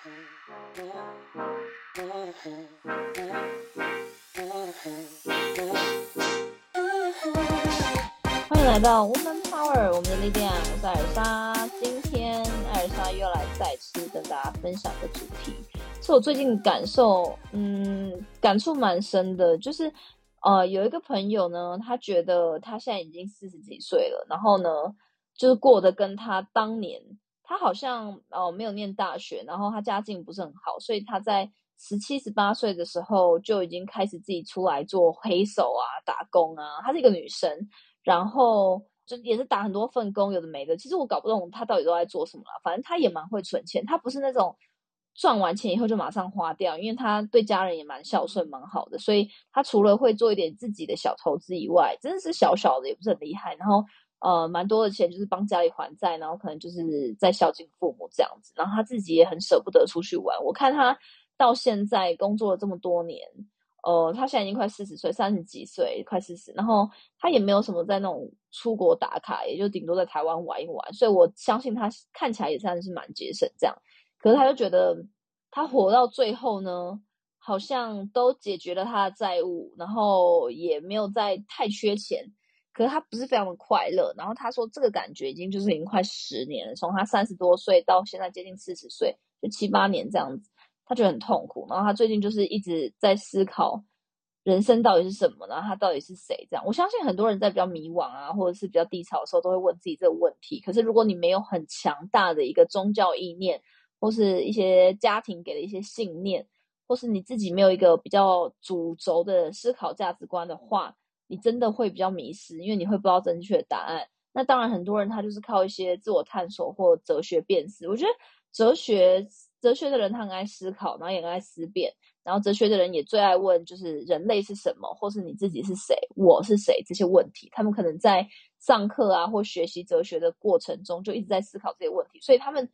歡迎來到 Woman Power，我們的力量。我是艾爾莎，今天艾爾莎又來再次跟大家分享的主題，是我最近感受，嗯，感觸蠻深的。就是呃，有一個朋友呢，他覺得他現在已經四十幾歲了，然後呢，就是過得跟他當年。她好像哦，沒有念大學，然後她家境不是很好，所以她在十七十八歲的時候就已經開始自己出來做黑手啊、打工啊。她是一個女生，然後就也是打很多份工，有的沒的。其實我搞不懂她到底都在做什麼了。反正她也蠻會存錢，她不是那種賺完錢以後就馬上花掉，因為她對家人也蠻孝順、蠻好的。所以她除了會做一點自己的小投資以外，真的是小小的，也不是很厲害。然後。呃，蠻多的錢就是幫家裡還債，然後可能就是在孝敬父母這樣子，然後他自己也很捨不得出去玩。我看他到現在工作了這麼多年，呃，他現在已經快四十歲，三十幾歲，快四十，然後他也沒有什麼在那種出國打卡，也就頂多在台灣玩一玩。所以我相信他看起來也算是蠻節省這樣。可是他就覺得他活到最後呢，好像都解決了他的債務，然後也沒有再太缺錢。可是他不是非常的快樂，然後他說這個感覺已經就是已經快十年了，從他三十多歲到現在接近四十歲，就七八年這樣子，他就很痛苦。然後他最近就是一直在思考人生到底是什麼呢？他到底是誰這樣，我相信很多人在比較迷惘啊，或者是比較低潮的時候，都會問自己這個問題。可是如果你沒有很強大的一個宗教意念，或是一些家庭給的一些信念，或是你自己沒有一個比較主軸的思考價值觀的話，你真的會比較迷失，因為你會不知道正確的答案。那當然，很多人他就是靠一些自我探索或哲學辨識。我覺得哲學哲學的人他很愛思考，然後也很愛思辨，然後哲學的人也最愛問就是人類是什麼，或是你自己是誰，我是誰這些問題。他們可能在上課啊或學習哲學的過程中就一直在思考這些問題，所以他們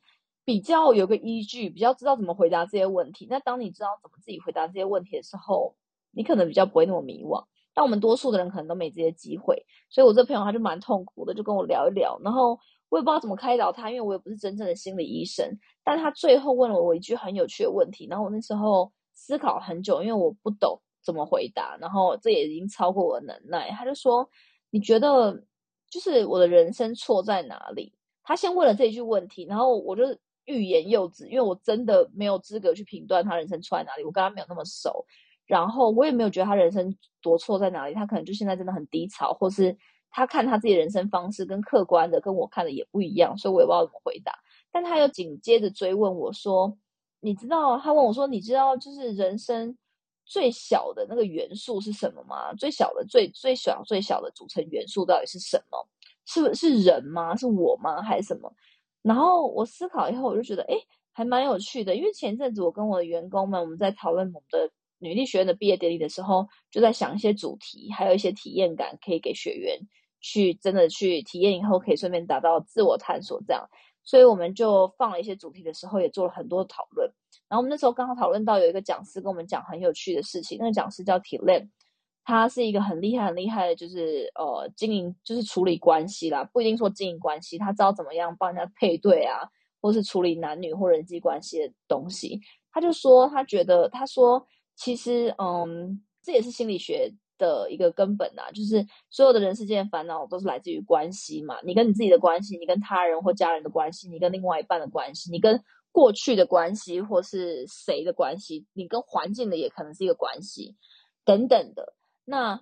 比較有個依據，比較知道怎麼回答這些問題。那當你知道怎麼自己回答這些問題的時候，你可能比較不會那麼迷惘。但我們多數的人可能都沒這些機會，所以我這朋友他就蠻痛苦的，就跟我聊一聊，然後我也不知道怎麼開導他，因為我也不是真正的心理醫生。但他最後問了我一句很有趣的問題，然後我那時候思考很久，因為我不懂怎麼回答，然後這也已經超過我的能耐。他就說：“你覺得就是我的人生錯在哪裡？”他先問了這一句問題，然後我就欲言又止，因為我真的沒有資格去評斷他人生錯在哪裡，我跟他沒有那麼熟。然後我也沒有覺得他人生多錯在哪裡，他可能就現在真的很低潮，或是他看他自己的人生方式跟客觀的跟我看的也不一樣，所以我也不知道怎麼回答。但他又緊接着追問我說：“你知道？”他問我說：“你知道，就是人生最小的那個元素是什麼嗎？最小的最最小最小的組成元素到底是什麼？是是人嗎？是我嗎？還是什麼？”然後我思考以後，我就覺得哎，還蠻有趣的，因為前陣子我跟我的員工們我們在討論我們的。女力學院的畢業典禮的時候，就在想一些主題，還有一些體驗感可以給學員去真的去體驗，以後可以順便達到自我探索這樣。所以我們就放了一些主題的時候，也做了很多討論。然後我們那時候剛好討論到有一個講師跟我們講很有趣的事情，那個講師叫 Tillem，他是一個很厲害很厲害的，就是呃經營就是處理關係啦，不一定說經營關係，他知道怎麼樣幫人家配對啊，或是處理男女或人際關係的東西。他就說他覺得他說。其實，嗯，這也是心理學的一個根本啊，就是所有的人世間煩惱都是來自於關係嘛。你跟你自己的關係，你跟他人或家人的關係，你跟另外一半的關係，你跟過去的關係，或是誰的關係，你跟環境的也可能是一個關係等等的。那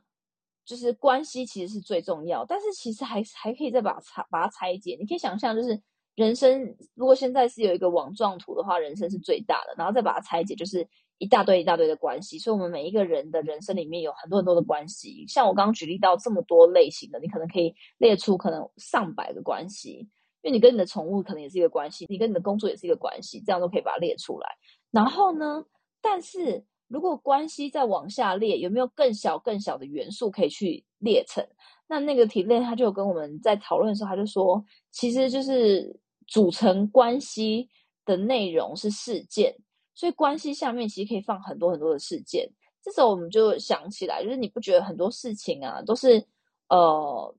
就是關係其實是最重要，但是其實還還可以再把它拆把它拆解。你可以想象，就是人生如果現在是有一個網狀圖的話，人生是最大的，然後再把它拆解，就是。一大堆一大堆的關係，所以我們每一個人的人生裡面有很多很多的關係。像我剛剛舉例到這麼多類型的，你可能可以列出可能上百個關係，因為你跟你的寵物可能也是一個關係，你跟你的工作也是一個關係，這樣都可以把它列出來。然後呢，但是如果關係再往下列，有沒有更小更小的元素可以去列成？那那個體內他就跟我們在討論的時候，他就說，其實就是組成關係的內容是事件。所以關係下面其實可以放很多很多的事件，這時候我們就想起來，就是你不覺得很多事情啊，都是呃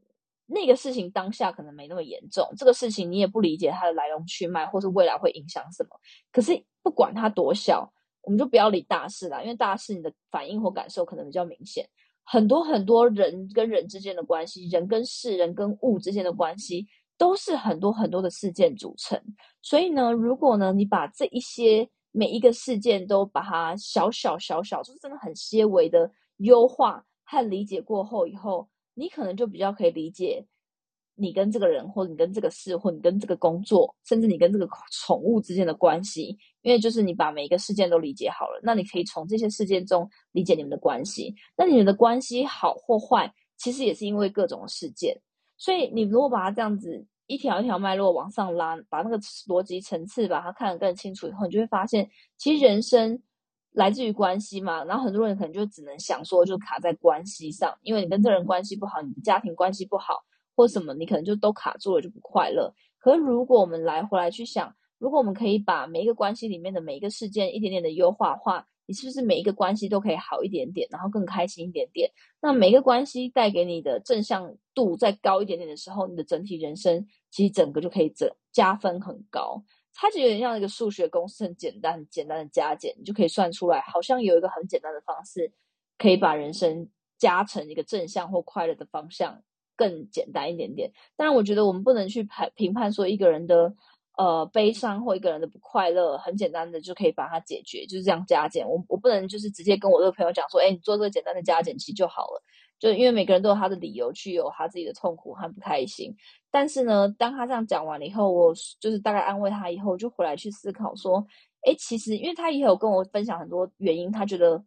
那個事情當下可能沒那麼嚴重，這個事情你也不理解它的來龍去脈，或是未來會影響什麼？可是不管它多小，我們就不要理大事啦，因為大事你的反應或感受可能比較明顯。很多很多人跟人之間的關係，人跟事、人跟物之間的關係，都是很多很多的事件組成。所以呢，如果呢，你把這一些每一個事件都把它小小小小，就是真的很些微的優化和理解過後以後，你可能就比較可以理解你跟這個人，或者你跟這個事，或者你跟這個工作，甚至你跟這個寵物之間的關係。因為就是你把每一個事件都理解好了，那你可以從這些事件中理解你們的關係。那你們的關係好或壞，其實也是因為各種事件。所以你如果把它這樣子。一條一條脈絡往上拉，把那個邏輯層次把它看得更清楚以後，你就會發現，其實人生來自於關係嘛。然後很多人可能就只能想說，就卡在關係上，因為你跟這人關係不好，你的家庭關係不好，或什麼，你可能就都卡住了，就不快樂。可是如果我們來回來去想，如果我們可以把每一個關係裡面的每一個事件一點點的優化的話。你是不是每一個關係都可以好一點點，然後更開心一點點？那每一個關係帶給你的正向度再高一點點的時候，你的整體人生其實整個就可以整加分很高。它就有點像一個數學公式，很簡單，很簡單的加減，你就可以算出來。好像有一個很簡單的方式，可以把人生加成一個正向或快樂的方向，更簡單一點點。但我覺得我們不能去判評判說一個人的。呃，悲傷或一個人的不快樂，很簡單的就可以把它解決，就是這樣加減。我我不能就是直接跟我這個朋友講說，哎、欸，你做這個簡單的加減，其實就好了。就因為每個人都有他的理由去有他自己的痛苦和不開心。但是呢，當他這樣講完了以後，我就是大概安慰他以後，我就回來去思考說，哎、欸，其實因為他也有跟我分享很多原因，他覺得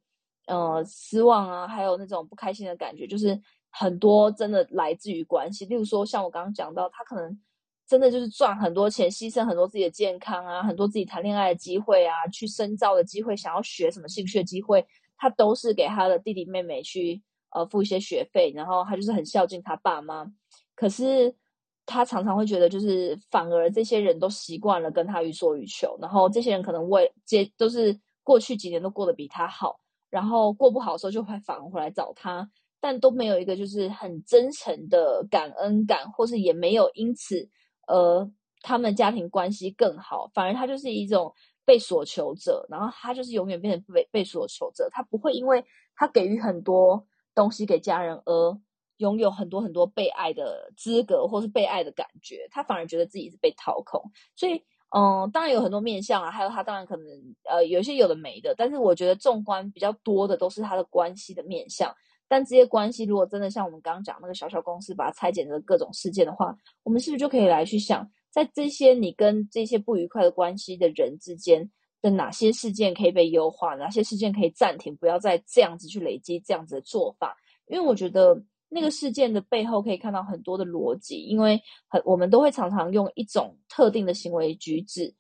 呃失望啊，還有那種不開心的感覺，就是很多真的來自於關係。例如說，像我剛剛講到，他可能。真的就是賺很多錢，犧牲很多自己的健康啊，很多自己談戀愛的機會啊，去深造的機會，想要學什麼興趣的機會，他都是給他的弟弟妹妹去呃付一些學費，然後他就是很孝敬他爸媽。可是他常常會覺得，就是反而這些人都習慣了跟他予所欲求，然後這些人可能為接都是過去幾年都過得比他好，然後過不好的時候就會反而回來找他，但都沒有一個就是很真誠的感恩感，或是也沒有因此。呃，他們家庭關係更好，反而他就是一種被索求者，然後他就是永遠變成被被索求者，他不會因為他給予很多東西給家人而擁有很多很多被愛的資格或是被愛的感覺，他反而覺得自己是被掏空。所以，嗯、呃，當然有很多面向啊，還有他當然可能呃有一些有的沒的，但是我覺得縱觀比較多的都是他的關係的面向。但這些關係，如果真的像我們剛剛講那個小小公司把它拆解成各種事件的話，我們是不是就可以來去想，在這些你跟這些不愉快的關係的人之間的哪些事件可以被優化，哪些事件可以暫停，不要再這樣子去累積這樣子的做法？因為我覺得那個事件的背後可以看到很多的邏輯，因為很我們都會常常用一種特定的行為舉止，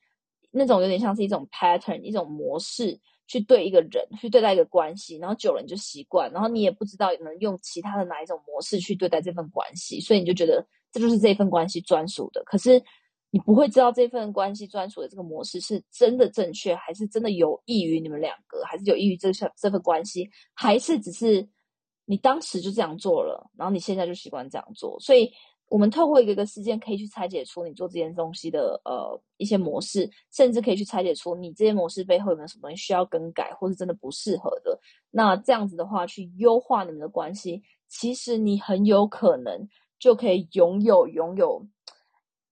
那種有點像是一種 pattern，一種模式。去對一個人，去對待一個關係，然後久了你就習慣，然後你也不知道能用其他的哪一種模式去對待這份關係，所以你就覺得這就是這份關係專屬的。可是你不會知道這份關係專屬的這個模式是真的正確，還是真的有益於你們兩個，還是有益於這項這份關係，還是只是你當時就這樣做了，然後你現在就習慣這樣做，所以。我們透過一個一個事件，可以去拆解出你做這件東西的呃一些模式，甚至可以去拆解出你這些模式背後有沒有什麼需要更改，或是真的不適合的。那這樣子的話，去優化你們的關係，其實你很有可能就可以擁有擁有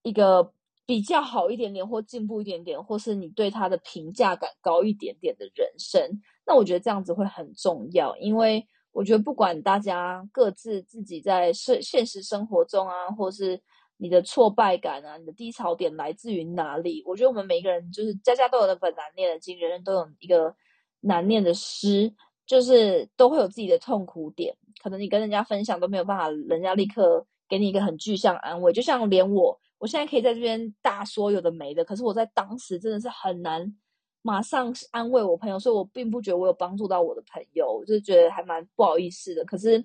一個比較好一點點，或進步一點點，或是你對他的評價感高一點點的人生。那我覺得這樣子會很重要，因為。我覺得不管大家各自自己在現實生活中啊，或者是你的挫敗感啊，你的低潮點來自於哪裡？我覺得我們每一個人就是家家都有的本難念的經，人人都有一個難念的詩，就是都會有自己的痛苦點。可能你跟人家分享都沒有辦法，人家立刻給你一個很具象的安慰。就像連我，我現在可以在這邊大說有的沒的，可是我在當時真的是很難。馬上安慰我朋友，所以我並不覺得我有幫助到我的朋友，我就覺得還蠻不好意思的。可是，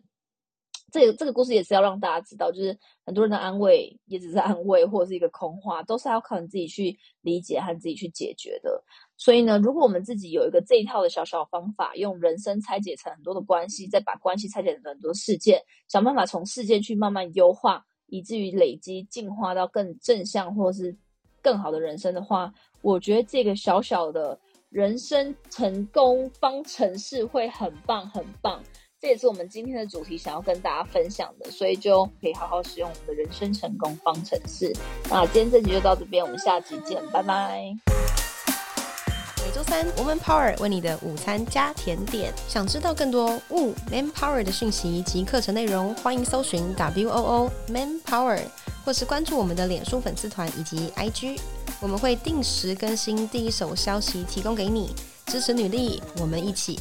這個，這這個故事也是要讓大家知道，就是很多人的安慰也只是安慰，或者是一個空話，都是要靠你自己去理解和自己去解決的。所以呢，如果我們自己有一個這一套的小小方法，用人生拆解成很多的關係，再把關係拆解成很多，很多事件，想辦法從事件去慢慢優化，以至於累積進化到更正向或是更好的人生的話，我覺得這個小小的人生成功方程式會很棒很棒，這也是我們今天的主題想要跟大家分享的，所以就可以好好使用我們的人生成功方程式。那今天這集就到這邊，我們下集見，拜拜。每週每周三，Woman Power 為你的午餐加甜點。想知道更多 Woo Man Power 的訊息及課程內容，歡迎搜尋 W O O Man Power 或是關注我們的臉書粉絲團以及 I G。我們會定時更新第一手消息，提供給你。支持女力，我們一起。